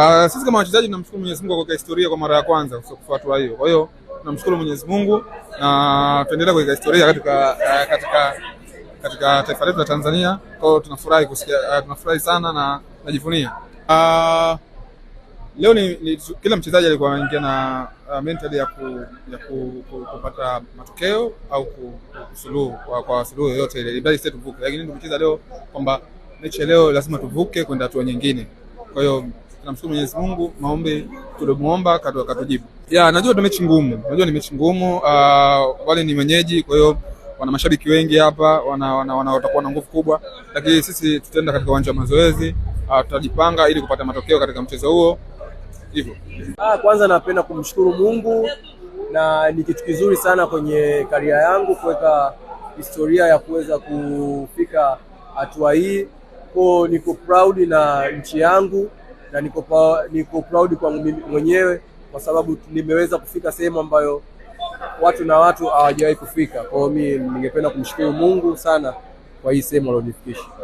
Uh, sisi kama wachezaji tunamshukuru Mwenyezi Mungu kwa kuweka historia kwa mara ya kwanza kufuatia hiyo. Kwa hiyo tunamshukuru Mwenyezi Mungu na tuendelee kuweka historia katika uh, katika katika taifa letu la Tanzania. Kwa hiyo tunafurahi kusikia uh, tunafurahi sana na najivunia. Uh, leo ni, ni kila mchezaji alikuwa anaingia na uh, eh, mentally ya, ku, ya ku, ku, kupata matokeo au kusuluhu kwa, kwa suluhu yoyote ile. Ibadi tuvuke. Lakini mchezaji leo kwamba mechi leo lazima tuvuke kwenda hatua nyingine. Kwa hiyo tunamshukuru Mwenyezi Mungu, maombi tuliomuomba katujibu. Ya, najua ni mechi ngumu, najua ni mechi ngumu. Uh, wale ni wenyeji, kwa hiyo wana mashabiki wengi hapa, wana wana watakuwa na nguvu kubwa, lakini sisi tutaenda katika uwanja wa mazoezi uh, tutajipanga ili kupata matokeo katika mchezo huo. Hivyo ah, kwanza napenda kumshukuru Mungu na ni kitu kizuri sana kwenye karia yangu kuweka historia ya kuweza kufika hatua hii, kwa niko proud na nchi yangu na niko, niko proud kwangu mwenyewe kwa sababu nimeweza kufika sehemu ambayo watu na watu hawajawahi kufika. Kwa hiyo mimi ningependa kumshukuru Mungu sana kwa hii sehemu alionifikisha.